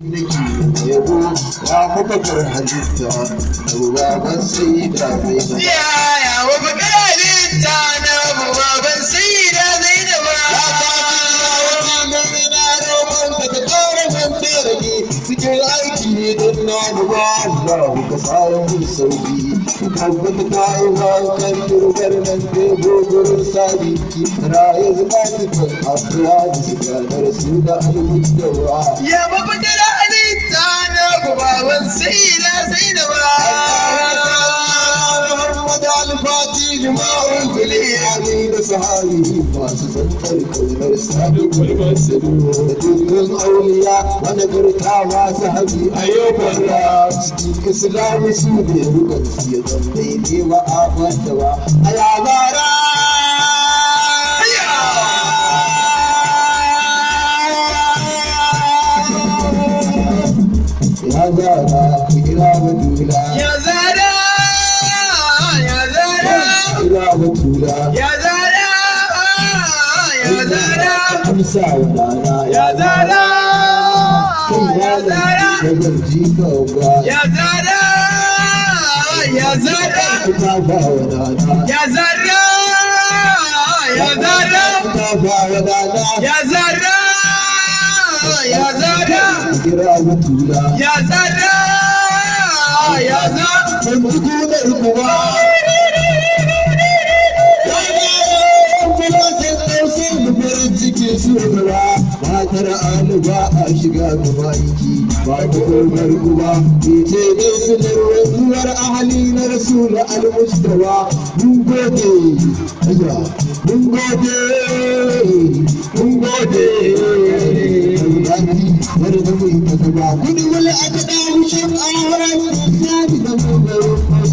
يا يا baban sayyida zainaba Al-Fati jima'un kuli abin da masu zantar kaunar sadu kulmar sadu da dukkan auliya wani a yau fara daidai ba a fata ba Musa wadana ya zara ya zara ya zara ya zara ya zara ya zara ya zara ya zara ya zara ya zara suke sowa ba ƙara'anu ba a shiga gabanki ba ta ƙorgar uba mece ne sunar wanzuwar ahali na rasulu al-mustawa mun gode mun gode mun gode wani zama yi ta zama kudi wani aka ɗahu shan auren ya fi zama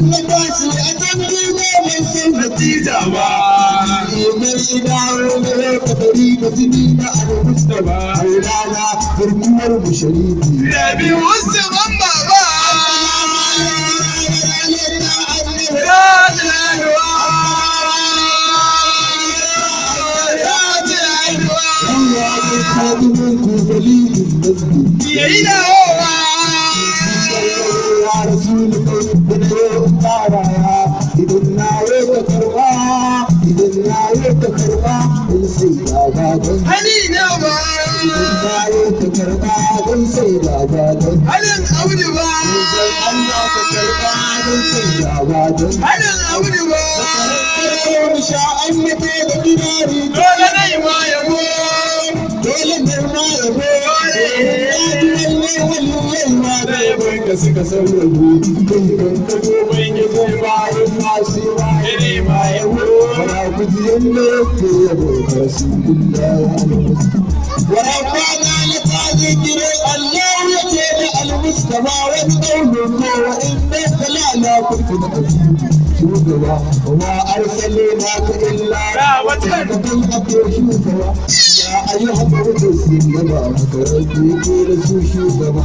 na tashi a can duba mai san natija ba mai dawo da raba gari da jini na al-mustaba mai rana farkuwar mu sharifi da bi wasu ban baba Yeah, you know. idan na yi ba idan na yi ka karba don sai halin ba idan Allah ka karba don sai baba don halin auri ba ka karba ko mu sha an mutu ma bai ka suka saura gobe kai kan ka gobe ya goma ya fashi ya nema ya wuro wala kuji yanda ke ya bai ka su illa wala kwana na kaje gire Allah ya ce da almustafa wani kaunin ko wa inda salala kurku da kafi shugaba wa arsale na ka illa wata da kan ake shugaba ya ayyuka da wuce su yaba makarantu ko da su shugaba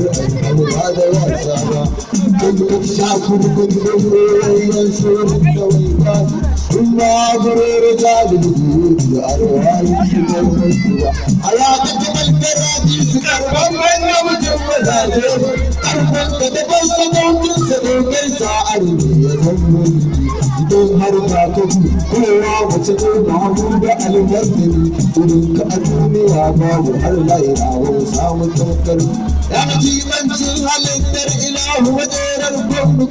tattalo ba da wasa ba kuma shakurkun dokoyoyin shirin da ta da arewa yi shigar mutuwa ta idan har ka kowa wace ce mahu da almasiri wurin ka a duniya babu har laira wani samun tawakkali ya ji mancin halittar ilahu wajerar gwamnu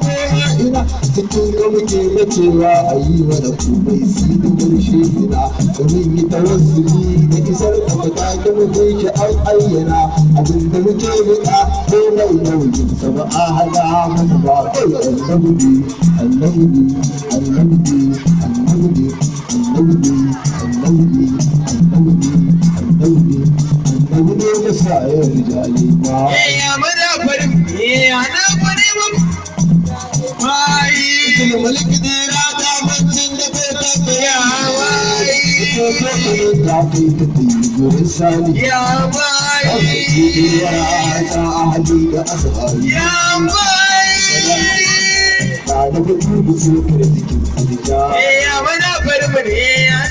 shehina cikin yau muke macewa a yi mana komai si dubin shehina domin yi tawassuli da isar da fata da mutum shi an ayyana abin da muke rika ko mai nauyin sa ba a hada hannu ba kai annabi annabi annabi annabi annabi annabi annabi annabi ne ya sa ya rijali ba. Eh, ya mada farin, eh, ya na farin Mulkin mulki rata bancin da farkon ya waye. Ito Ya waye. Ya Ba da eh, Ya ya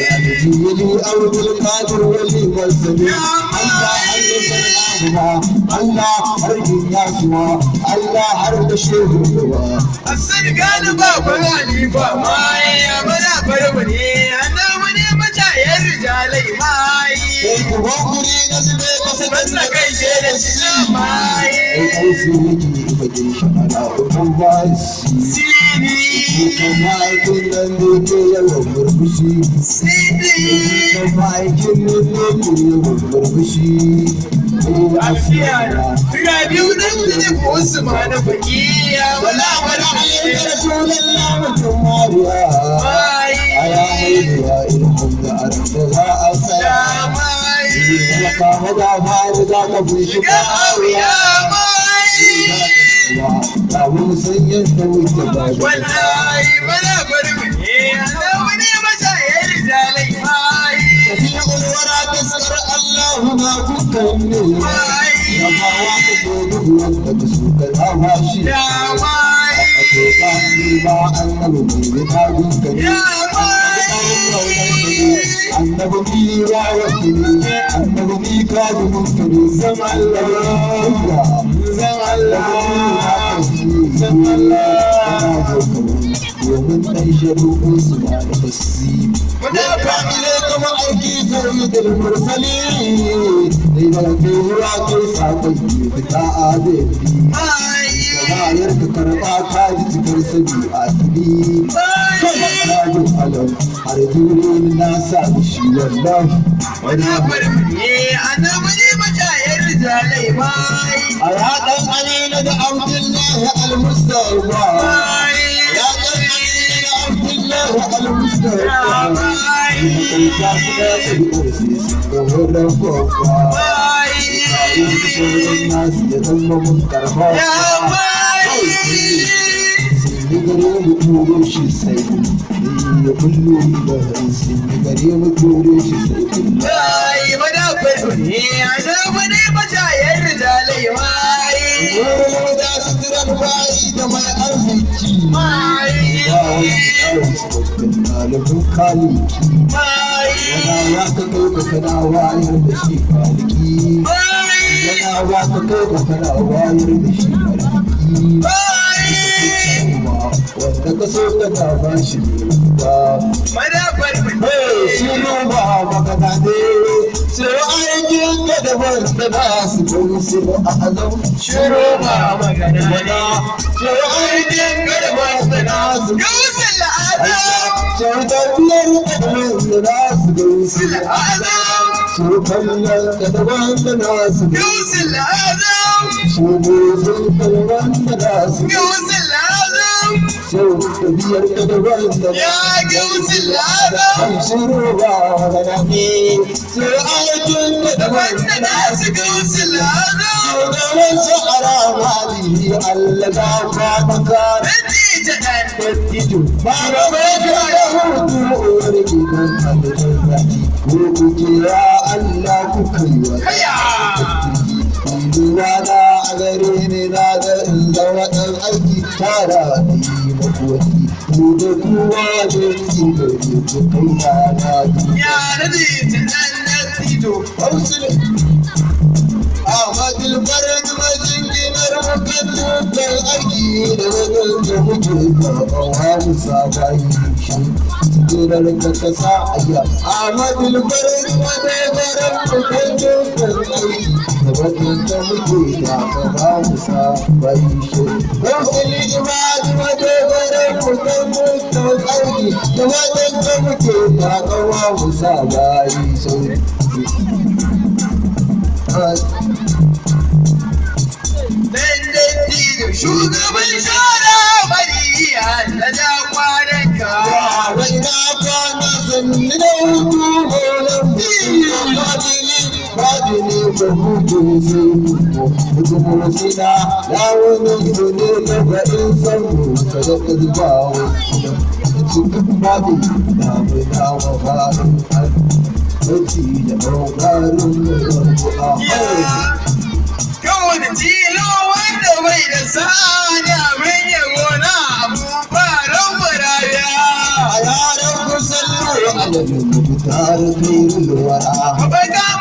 النبي أو القادر والمسلم Allah harkin yasuwa, Allah har da shehu ruwa. Hassan gani ba fara ni ba ma ya mana farbu ne, annan wani matayen rijalai ma yi. Kuma guri na zube kasa ban na kai she da shi ma yi. Ai ai sai yake fagen shi ana hukun ba shi. Ma'aikin nan da ya yawan murmushi. Ma'aikin nan da ke ya murmushi. Afiya, Rabiu nan da ne ko su ma na fakiya. Wala ya ayyukan da sunan lamutan mariya. A yayin da ya ilmin da a za a tsaya. Yana kama da fari za ka bushe ba a wuya. kasuwa ba mun san yadda muke ba wallahi bala bari ya ba Allah manzan Allah manzan Allah domin ɗan sharuɗin su ba da basiri. Wadaka ne kuma aiki zai da mursali da ba ke ruwa ke fita a zai Bayar ka karɓa ka ji cikar sabi a fili. Kajin alam har jure na sa shi wannan. Wani abin ne a nan mace سليمان يا قليل عبد الله المستوى يا قليل عبد الله المستوى Yeah. mai madafari annabi ne majayen rijalai mai wani da suturar da mai arziki mai Malibu kaliki Yana ya ka kai ka kana wayar da shi kaliki Yana ya ka kai ka kana wayar da shi kaliki wanda ka so ka da ba eh, shi ba madafar shi ba maka da ne tsoro aikin ka da wanda ba su kun su ba a halau shiro ba maka da ne tsoro aikin ka da wanda ba su yusuf la'ada tsoro da biyar ka da wanda ba su kun su ba a halau tsoro kallon ka da wanda ba su yusuf la'ada tsoro kallon ka da wanda ba su yusuf شوق بيركض بلدك يا قوس اللعبة أبشروا أنا فيك سرعة تتمنى ناس قوس اللعبة ودول الشعراء مالي علقا ومكان نتيجة نتيجة ما رميك يا هود وأوريك وكتي يا الله كوكي هيا Ina na gare ni na ga in zama ɗan aiki ah! tara ne. da koki mu da kowa wani da ke cikin kana yare ne ta ɗan nan tido hausu ne ahmadul farad majinginar mukaddar aiki da ragar da muke karɓar hausa bayan shi jirar da ka sa a yi ahmadul farad majinginar mukaddar aiki da bakin ta da ka ba mu sabai shi rasul imad madogaran mu mu tauki da da ka ba mu Shugaban sha jujuju mutumurkina yawon ne daga in samu ka da ƙirbawo su duk mai nawa farin alfarci da maukarin yanzu a kawai wanda bai da sa'ada mai yamona abubuwa rabu rabiya a yaran kusan lura alamin mutar kai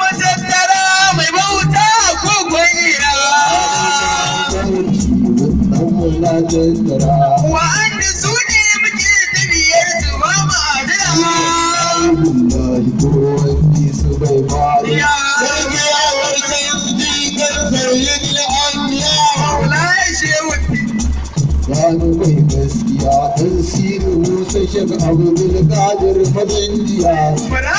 tattara wa'anda su ne muke tafiyar su ba mu adala wallahi ko wani su bai bari sarki ya warke su jikin sayyidil anbiya wallahi ya Gano Ya gaskiya, ɗan sirri Musa Shek Abdul Qadir Fadin Jiya.